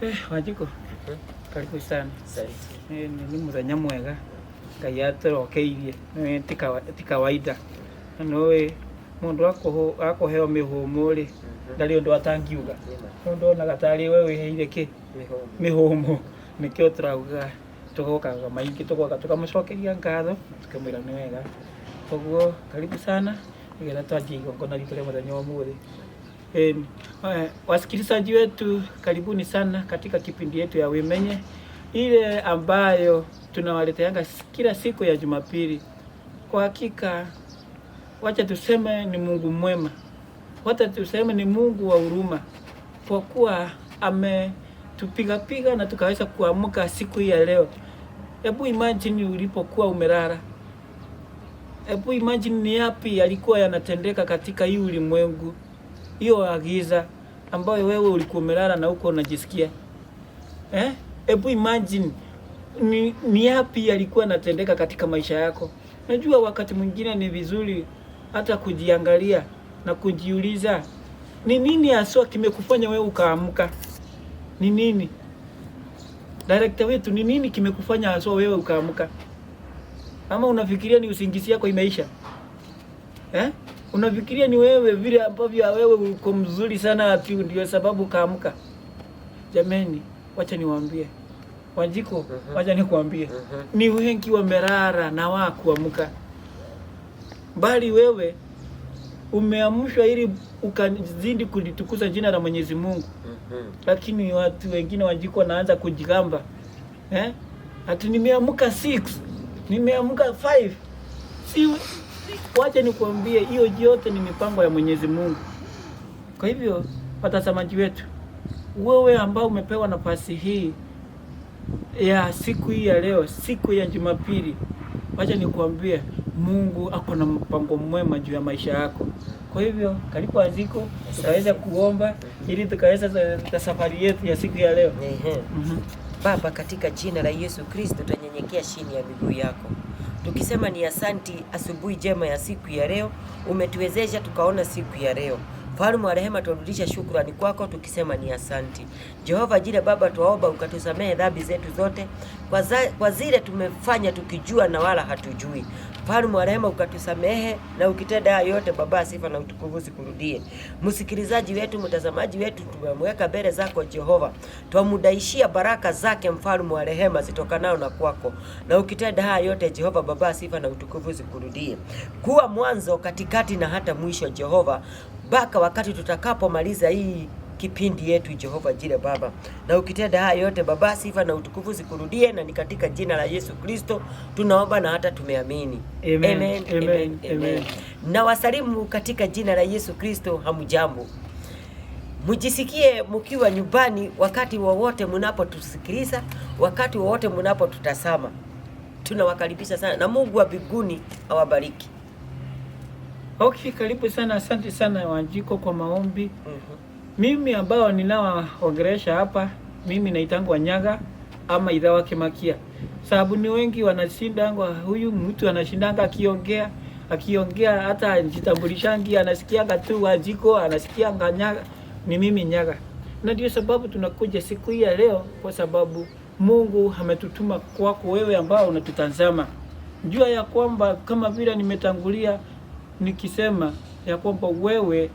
eh wajiko karibu sana eh ni muthenya mwega ngai atũrokeirie ti kawaida noĩ mũndũ akũheo mĩhũmũ rĩ ndarĩ ũndũ atangiuga ũndũ onaga tarĩ we wĩheire kĩ mĩhũmũ nĩkĩo tũrauga tũgokaga maingĩ tũgoka tũkamũcokeria ngatho tũkamwĩra nĩ wega koguo karibu sana nĩgetha twanjie igongona ritũ rĩa mũthenya wa ũmũthĩ E, wasikilizaji wetu karibuni sana katika kipindi yetu ya Wimenye ile ambayo tunawaleteanga kila siku ya Jumapili. Kwa hakika, wacha tuseme ni Mungu mwema, wacha tuseme ni Mungu wa huruma, kwa kuwa ametupigapiga na tukaweza kuamka siku hii ya leo. Hebu imagine ulipokuwa umelala, hebu imagine ni yapi yalikuwa yanatendeka katika hii ulimwengu hiyo agiza ambayo wewe ulikuwa umelala na huko unajisikia eh? Hebu imagine ni, ni yapi yalikuwa yanatendeka katika maisha yako. Najua wakati mwingine ni vizuri hata kujiangalia na kujiuliza ni nini haswa kimekufanya wewe ukaamka. Ni nini director wetu, ni nini kimekufanya haswa wewe ukaamka? Ama unafikiria ni usingizi yako imeisha eh? unafikiria ni wewe, vile ambavyo wewe uko mzuri sana, ati ndio sababu kaamka. Jameni, wacha niwaambie Wanjiko, mm -hmm. wacha nikuambie mm -hmm. ni wengi wamerara na wakuamka, bali wewe umeamshwa ili ukazidi kulitukuza jina la Mwenyezi Mungu. mm -hmm. Lakini watu wengine Wanjiko wanaanza kujigamba eh? Ati nimeamka 6 nimeamka 5 si Wacha nikuambie, hiyo yote ni mipango ya Mwenyezi Mungu. Kwa hivyo, watazamaji wetu, wewe ambao umepewa nafasi hii ya siku hii ya leo, siku ya Jumapili, wacha nikuambie, Mungu ako na mpango mwema juu ya maisha yako. Kwa hivyo kalipo aziko tukaweza kuomba ili tukaweza safari yetu ya siku ya leo. Mhm. Baba, katika jina la Yesu Kristo, tunanyenyekea chini ya miguu yako tukisema ni asanti, asubuhi njema ya siku ya leo, umetuwezesha tukaona siku ya leo. Mfalme wa rehema, twarudisha shukrani kwako tukisema ni asanti. Jehova jile Baba, twaomba ukatusamehe dhambi zetu zote kwa, za, kwa zile tumefanya tukijua na wala hatujui mfalme wa rehema ukatusamehe, na ukitenda haya yote Baba, sifa na utukufu zikurudie. Msikilizaji wetu, mtazamaji wetu, tumemweka mbele zako Jehova, twamudaishia baraka zake mfalme wa rehema zitokanao na kwako, na ukitenda haya yote Jehova Baba, sifa na utukufu zikurudie. Kuwa mwanzo, katikati na hata mwisho Jehova, mpaka wakati tutakapomaliza hii kipindi yetu Jehova jina Baba, na ukitenda haya yote Baba, sifa na utukufu zikurudie, na ni katika jina la Yesu Kristo tunaomba na hata tumeamini amen, amen, amen, amen, amen. Na wasalimu katika jina la Yesu Kristo, hamjambo, mjisikie mkiwa nyumbani wakati wowote mnapotusikiliza, wakati wowote mnapotutazama, tunawakaribisha sana na Mungu wa biguni awabariki. Okay, karibu sana, asante sana Wanjiko kwa maombi. mm -hmm. Mimi ambao ninawaongelesha hapa, mimi naitangwa Nyaga ama idha Idhawa Kimakia, sababu ni wengi wanashindangwa, huyu mtu anashindanga akiongea akiongea hata ajitambulishangi, anasikianga tu wajiko, anasikianga Nyaga, ni mimi Nyaga. Na ndio sababu tunakuja siku hii ya leo, kwa sababu Mungu ametutuma kwako wewe ambao unatutazama. Jua ya kwamba kama vile nimetangulia nikisema ya kwamba wewe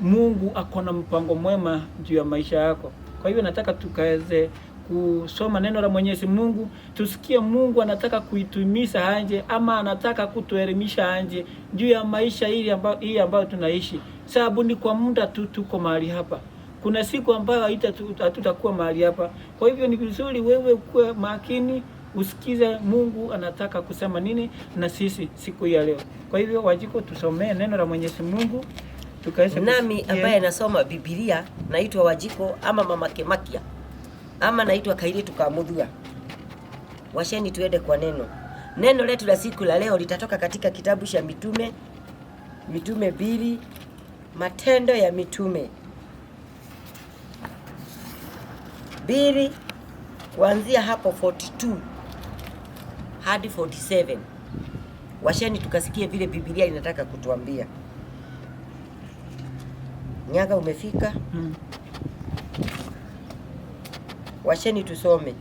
Mungu ako na mpango mwema juu ya maisha yako. Kwa hiyo nataka tukaweze kusoma neno la Mwenyezi Mungu, tusikie Mungu anataka kuitumiza anje ama anataka kutuelimisha anje juu ya maisha hili ambayo hii ambayo tunaishi. Sababu ni kwa muda tu tuko mahali hapa. Kuna siku ambayo hatutakuwa mahali hapa. Kwa hivyo ni vizuri wewe kuwa makini, usikize Mungu anataka kusema nini na sisi siku ya leo. Kwa hivyo, Wajiko, tusomee neno la Mwenyezi Mungu nami ambaye nasoma Biblia naitwa Wajiko ama mama Kemakia ama naitwa Kairi Tukamudhua. Washeni tuende kwa neno. Neno letu la siku la leo litatoka katika kitabu cha Mitume, Mitume mbili, Matendo ya Mitume mbili, kuanzia hapo 42 hadi 47. Washeni tukasikie vile Biblia inataka kutuambia. Nyaga umefika hmm. Washeni tusome.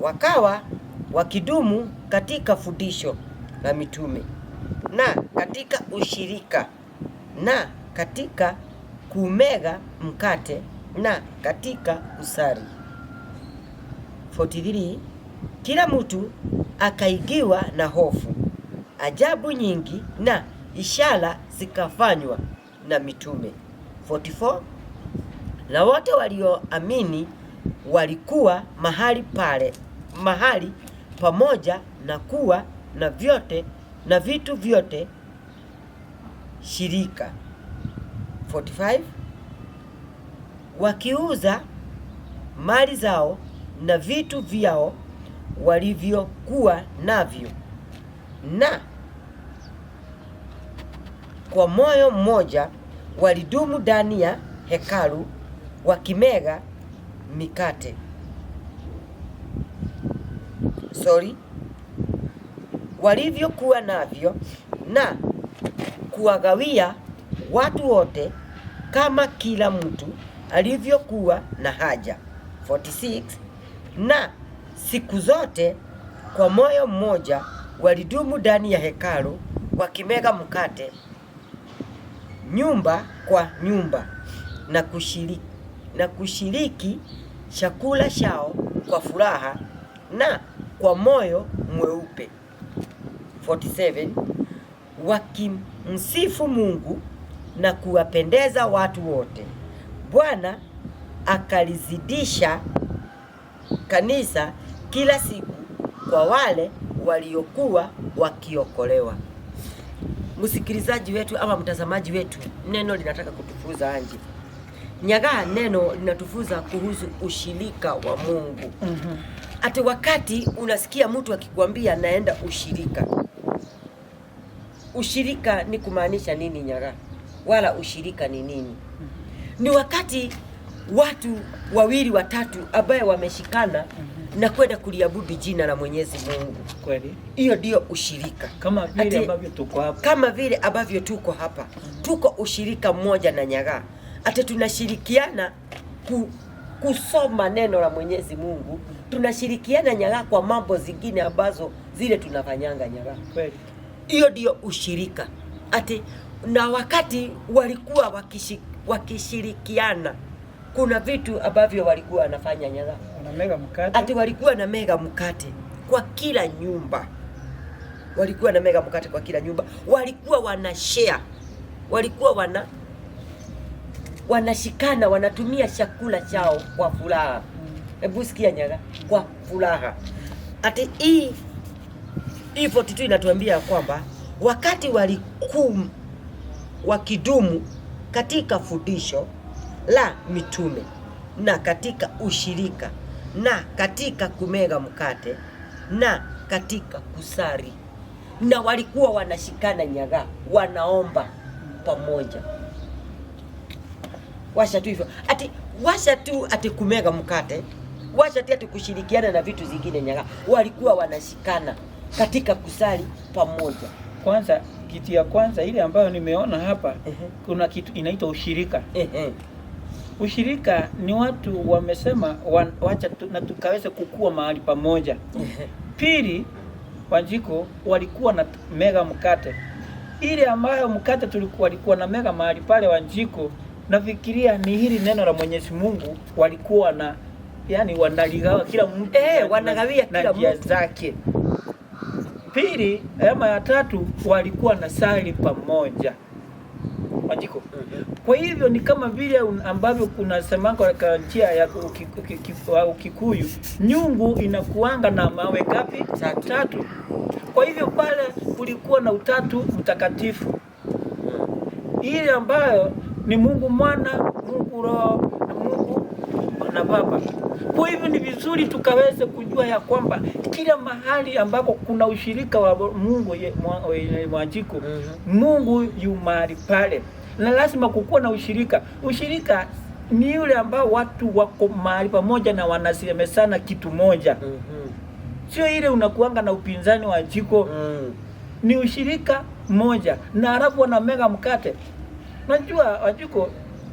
Wakawa wakidumu katika fundisho la mitume na katika ushirika na katika kumega mkate na katika usari. 43 Kila mtu akaigiwa na hofu ajabu nyingi na ishara zikafanywa na mitume. 44 na wote walioamini walikuwa mahali pale mahali pamoja na kuwa na vyote na vitu vyote shirika. 45 wakiuza mali zao na vitu vyao walivyokuwa navyo na kwa moyo mmoja walidumu ndani ya hekalu wakimega mikate sorry, walivyokuwa navyo na kuwagawia watu wote kama kila mtu alivyokuwa na haja. 46 na siku zote kwa moyo mmoja walidumu ndani ya hekalu wakimega mkate nyumba kwa nyumba na kushiriki, na kushiriki chakula chao kwa furaha na kwa moyo mweupe. 47 wakimsifu Mungu na kuwapendeza watu wote. Bwana akalizidisha kanisa kila siku kwa wale waliokuwa wakiokolewa msikilizaji wetu ama mtazamaji wetu, neno linataka kutufuza anje nyagaa. Neno linatufuza kuhusu ushirika wa Mungu. mm -hmm. Ati wakati unasikia mtu akikwambia naenda ushirika, ushirika ni kumaanisha nini nyagaa? Wala ushirika ni nini? mm -hmm. Ni wakati watu wawili watatu ambaye wameshikana mm -hmm na kwenda kuliabudu jina la Mwenyezi Mungu. Kweli. Hiyo ndio ushirika, kama vile ambavyo tuko hapa, kama vile ambavyo tuko hapa mm -hmm. Tuko ushirika mmoja na Nyagaa, hata tunashirikiana ku, kusoma neno la Mwenyezi Mungu, tunashirikiana Nyagaa kwa mambo zingine ambazo zile tunafanyanga Nyagaa. Kweli. Hiyo ndio ushirika ati, na wakati walikuwa wakishi, wakishirikiana kuna vitu ambavyo walikuwa wanafanya nyara, mkate, ati walikuwa na mega mkate kwa kila nyumba, walikuwa na mega mkate kwa kila nyumba, walikuwa wana share, walikuwa wana wanashikana, wanatumia chakula chao kwa furaha. Hebu sikia nyaga, kwa furaha. Ati hii hii 42 inatuambia kwamba wakati walikuwa wakidumu katika fundisho la mitume na katika ushirika na katika kumega mkate na katika kusari, na walikuwa wanashikana nyaga, wanaomba pamoja. Washa tu hivyo ati, washa tu ati kumega mkate, washa tu ati kushirikiana na vitu zingine nyaga, walikuwa wanashikana katika kusali pamoja. Kwanza kitu ya kwanza ile ambayo nimeona hapa, uh -huh. kuna kitu inaitwa ushirika uh -huh ushirika ni watu wamesema wacha na tukaweze kukua mahali pamoja. Pili, Wanjiko walikuwa na mega mkate ile ambayo mkate tulikuwa walikuwa na mega mahali pale Wanjiko, nafikiria ni hili neno la Mwenyezi Mungu walikuwa na yani wanaligawa kila mtu eh, eh wanagawia kila mtu zake. Pili ama ya tatu walikuwa na sali pamoja pajiko. Kwa hivyo ni kama vile ambavyo kuna kunasemanga katika njia ya Ukikuyu, nyungu inakuanga na mawe gapi? Tatu. Tatu. Kwa hivyo pale kulikuwa na utatu mtakatifu, ile ambayo ni Mungu Mwana, Mungu Roho na Mungu na Baba. Kwa hivyo ni vizuri tukaweze kujua ya kwamba kila mahali ambako kuna ushirika wa Mungu Mwanjiko, mm -hmm. Mungu yu pale, na lazima kukuwa na ushirika. Ushirika ni yule ambao watu wako mahali pamoja na wanasemesana kitu moja, mm -hmm. sio ile unakuanga na upinzani wa jiko, mm. Ni ushirika moja, na alafu wanamega mkate. Najua wajiko